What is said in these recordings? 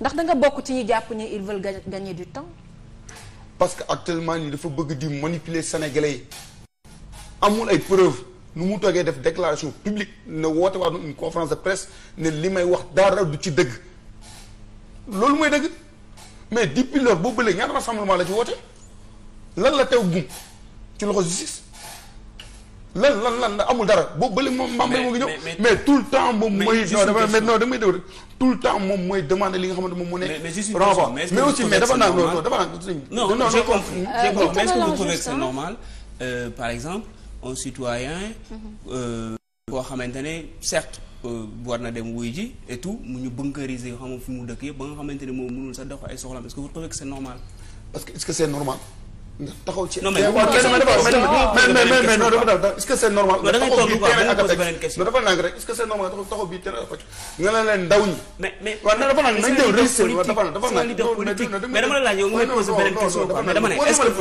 ndax da nga bokk ci ñu jàpp ni ils ga gagner du temps. parce que actuellement nii dafa bëgg di manipuler sénégalais yi. amul ay preuves nu mu toogee def déclaration publique ne woote waat une conférence de presse ne li may wax dara du ci dëgg loolu mooy dëgg mais depuis lors boo bëlee ñaata rassemblement la ci woote lan la tew gum ci loxo justice. lan lan lan amul dara boobu bële moom maam moo ngi ñëw mais tout le temps moom mooy non damay non damay déglu tout le li nga xamante moom mu nekk mais aussi mais dafa naan non dafa euh, euh, par exemple un citoyen koo mm-hmm. euh, xamante ne certes war na dem wuy ji et mu ñu bunkériser xam fi mu dëkk yëpp ba nga xamante ne moom mënul sa dox ay soxlam est-ce que vous trouvez c'est normal parce que c'est normal nga taxaw ci. non mais mais non dafa daal est rek nga ne leen ndaw ñi. mais mais waaw dafa nang nañ jël risque waaw dafa nang dafa mais mais dama ne est-ce moom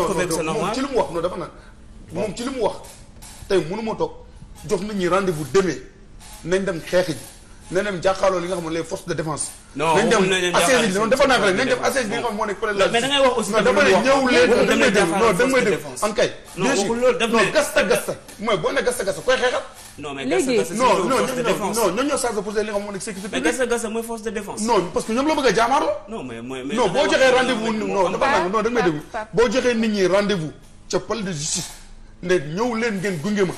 ci li mu wax non dafa nang moom ci li mu wax tey mënu ma jox nit ñi demee nañ dem xeex ji na dem jàkkaarloo li nga xam ne les forces de défense. non waxul nañ leen jàkkaarloo nañ dem assaisis nañ dem nga xam moo nekk. mais da en kay. non ñoom ñoo chargé pour li nga xam moo nekk sécurité. mais parce que ñoom la bëgg a jaamaarloo. non mais boo joxee rendez-vous non dafa non da ngay déglu boo joxee nit ñi rendez ca palais de justice ne ñëw leen gunge ma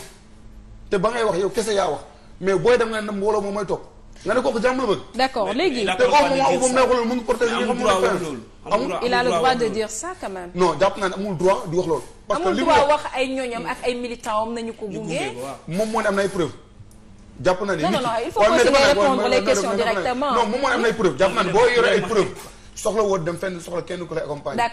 te ba ngay wax yow kese yaa wax mais booy dem nga ne mbooloo moom mooy topp nga ne kooku jàmm la bëgg. d'accord léegi. te au moment où loolu mu ngi porté. amul droit amul il a le droit ne amul droit di wax loolu. amul droit wax ay ñooñam ak ay militants am nañu ko gunge. moom moo ne am na ay preuves. jàpp naa ne nit non non il faut que tu répondre les questions directement. non moom moo ne am na ay preuves jàpp naa ne boo yoree ay preuves soxla woo dem fenn soxla kenn ku lay accompagner.